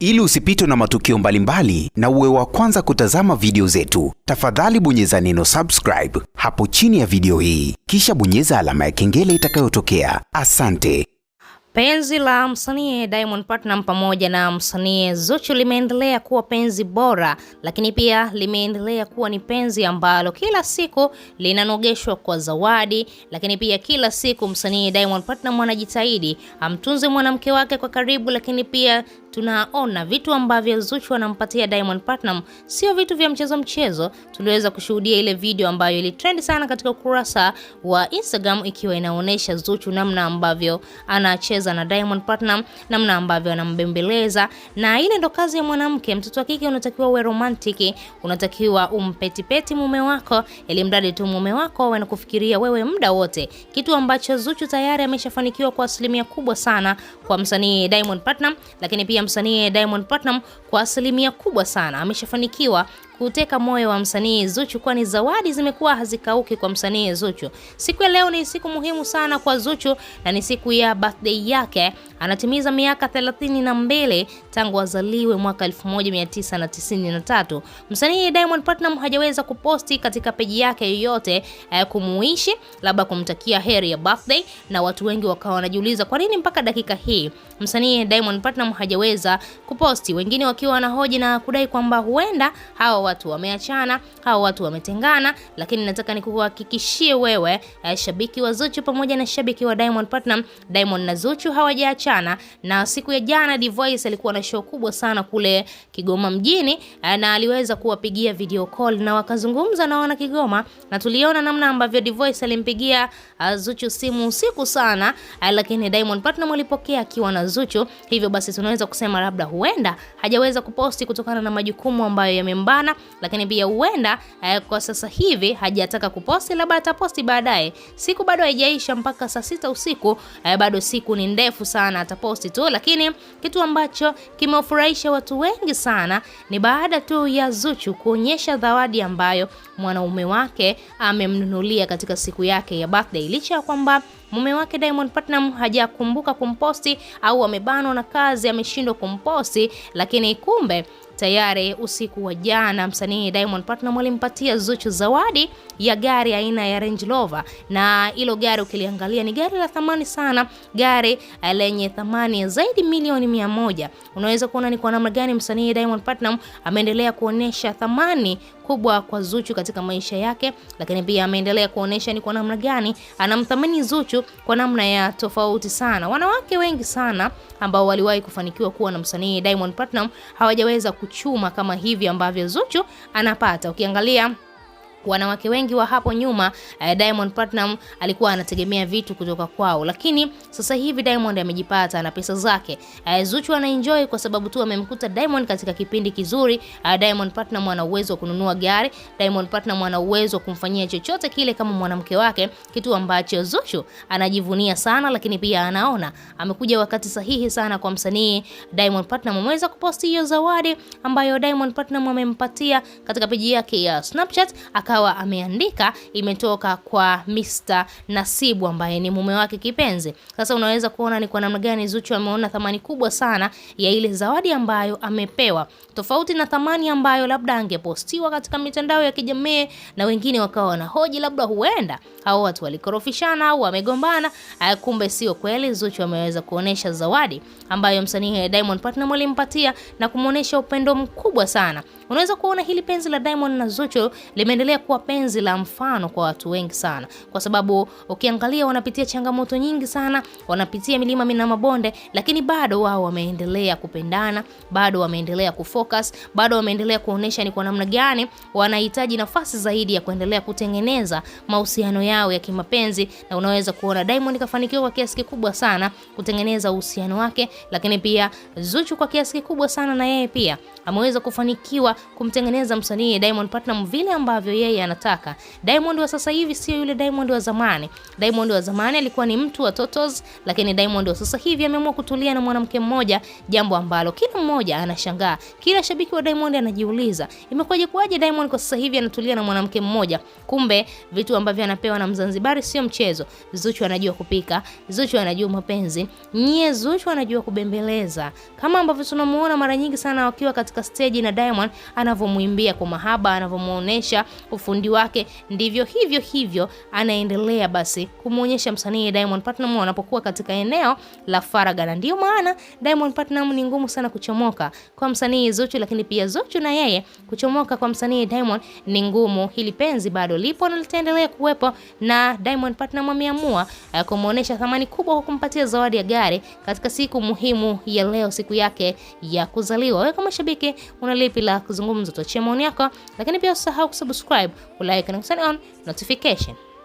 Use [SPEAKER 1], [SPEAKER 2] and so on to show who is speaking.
[SPEAKER 1] Ili usipitwe na matukio mbalimbali mbali, na uwe wa kwanza kutazama video zetu, tafadhali bonyeza neno subscribe hapo chini ya video hii, kisha bonyeza alama ya kengele itakayotokea. Asante.
[SPEAKER 2] Penzi la msanii Diamond Platnumz pamoja na msanii Zuchu limeendelea kuwa penzi bora, lakini pia limeendelea kuwa ni penzi ambalo kila siku linanogeshwa kwa zawadi, lakini pia kila siku msanii Diamond Platnumz anajitahidi amtunze mwanamke wake kwa karibu, lakini pia tunaona vitu ambavyo Zuchu anampatia Diamond Platinum sio vitu vya mchezo mchezo. Tuliweza kushuhudia ile video ambayo ilitrend sana katika ukurasa wa Instagram ikiwa inaonyesha Zuchu namna ambavyo anacheza na Diamond Platinum, namna ambavyo anambembeleza, na ile ndo kazi ya mwanamke. Mtoto wa kike unatakiwa uwe romantic, unatakiwa umpetipeti mume wako, ili mradi tu mume wako awe anakufikiria wewe muda wote, kitu ambacho Zuchu tayari ameshafanikiwa kwa asilimia kubwa sana kwa msanii Diamond Platinum, lakini pia ya msanii Diamond Platinum kwa asilimia kubwa sana ameshafanikiwa kuteka moyo wa msanii Zuchu, kwani zawadi zimekuwa hazikauki kwa msanii Zuchu. Siku ya leo ni siku muhimu sana kwa Zuchu na ni siku ya birthday yake. Anatimiza miaka 32 tangu azaliwe mwaka 1993. Msanii Diamond Platinum hajaweza kuposti katika peji yake yoyote eh, kumuishi, labda kumtakia heri ya birthday, na watu wengi wakawa wanajiuliza kwa nini mpaka dakika hii msanii Diamond Platinum hajaweza kuposti, wengine wakiwa wanahoji na kudai kwamba huenda hawa watu wameachana, hao watu wametengana, lakini nataka nikuhakikishie wewe eh, shabiki wa Zuchu pamoja na shabiki wa Diamond Platnumz, Diamond na Zuchu hawajaachana. Na siku ya jana Divoice alikuwa na show kubwa sana kule Kigoma mjini eh, na aliweza kuwapigia video call na wakazungumza na wana Kigoma, na tuliona namna ambavyo Divoice alimpigia uh, Zuchu simu usiku sana eh, lakini Diamond Platnumz alipokea akiwa na Zuchu. Hivyo basi tunaweza kusema labda huenda hajaweza kuposti kutokana na majukumu ambayo yamembana, lakini pia huenda eh, kwa sasa hivi hajataka kuposti, labda ataposti baadaye. Siku bado haijaisha mpaka saa sita usiku eh, bado siku ni ndefu sana, ataposti tu. Lakini kitu ambacho kimewafurahisha watu wengi sana ni baada tu ya Zuchu kuonyesha zawadi ambayo mwanaume wake amemnunulia katika siku yake ya birthday, licha ya kwamba mume wake Diamond Platinum hajakumbuka kumposti au amebanwa na kazi, ameshindwa kumposti, lakini kumbe Tayari usiku wa jana msanii Diamond Platnumz alimpatia Zuchu zawadi ya gari aina ya Range Rover, na hilo gari ukiliangalia ni gari la thamani sana, gari eh, lenye thamani ya zaidi milioni mia moja. Unaweza kuona ni kwa namna gani msanii Diamond Platnumz ameendelea kuonesha thamani kubwa kwa Zuchu katika maisha yake, lakini pia ameendelea kuonesha ni kwa namna gani anamthamini Zuchu kwa namna ya tofauti sana. Wanawake wengi sana ambao waliwahi kufanikiwa kuwa na msanii Diamond Platnumz hawajaweza kuchuma kama hivi ambavyo Zuchu anapata ukiangalia Wanawake wengi wa hapo nyuma eh, Diamond Platinum alikuwa anategemea vitu kutoka kwao, lakini sasa hivi Diamond amejipata na pesa zake. Eh, Zuchu anaenjoy kwa sababu tu amemkuta Diamond katika kipindi kizuri. Eh, Diamond Platinum ana uwezo wa kununua gari, Diamond Platinum ana uwezo wa kumfanyia chochote kile kama mwanamke wake, kitu ambacho Zuchu anajivunia sana, lakini pia anaona amekuja wakati sahihi sana kwa msanii Diamond Platinum. Ameweza kuposti hiyo zawadi ambayo Diamond Platinum amempatia katika peji yake ya Snapchat aka akawa ameandika imetoka kwa Mr. Nasibu ambaye ni mume wake kipenzi. Sasa unaweza kuona ni kwa namna gani Zuchu ameona thamani kubwa sana ya ile zawadi ambayo amepewa, tofauti na thamani ambayo labda angepostiwa katika mitandao ya kijamii na wengine wakawa wanahoji labda huenda hao watu walikorofishana au wamegombana. Kumbe sio kweli. Zuchu ameweza kuonesha zawadi ambayo msanii Diamond Platnumz alimpatia na kumuonesha upendo mkubwa sana. Unaweza kuona hili penzi la Diamond na Zuchu limeendelea kuwa penzi la mfano kwa watu wengi sana, kwa sababu ukiangalia wanapitia changamoto nyingi sana, wanapitia milima na mabonde, lakini bado wao wameendelea kupendana, bado wameendelea kufocus, bado wameendelea kuonesha ni kwa namna gani wanahitaji nafasi zaidi ya kuendelea kutengeneza mahusiano yao ya kimapenzi, na unaweza kuona Diamond kafanikiwa kwa kiasi kikubwa sana kutengeneza uhusiano wake, lakini pia Zuchu kwa kiasi kikubwa sana na yeye pia ameweza kufanikiwa kumtengeneza msanii Diamond Platnumz vile ambavyo yeye anataka. Diamond wa sasa hivi sio yule Diamond wa zamani. Diamond wa zamani alikuwa ni mtu wa totos, lakini Diamond wa sasa hivi ameamua kutulia na mwanamke mmoja, jambo ambalo kila mmoja anashangaa. Kila shabiki wa Diamond anajiuliza, imekuwaje kuwaje Diamond kwa sasa hivi anatulia na mwanamke mmoja? Kumbe vitu ambavyo anapewa na Mzanzibari sio mchezo. Zuchu anajua kupika, Zuchu anajua mapenzi. Nyie Zuchu anajua kubembeleza. Kama ambavyo tunamuona mara nyingi sana wakiwa katika stage na Diamond anavyomwimbia kwa mahaba, anavyomuonesha ufundi wake, ndivyo hivyo hivyo anaendelea basi kumuonyesha msanii Diamond Platinum anapokuwa katika eneo la faraga, na ndio maana Diamond Platinum ni ngumu sana kuchomoka kwa msanii Zuchu, lakini pia Zuchu na yeye kuchomoka kwa msanii Diamond ni ngumu. Hili penzi bado lipo na litaendelea kuwepo, na Diamond Platinum ameamua eh, kumuonesha thamani kubwa kwa kumpatia zawadi ya gari katika siku muhimu ya leo, siku yake ya kuzaliwa. Wewe kama shabiki una lipi la kuzaliwa? kuzungumza, tuachie maoni yako, lakini pia usahau kusubscribe, kulike na kuturn on notification.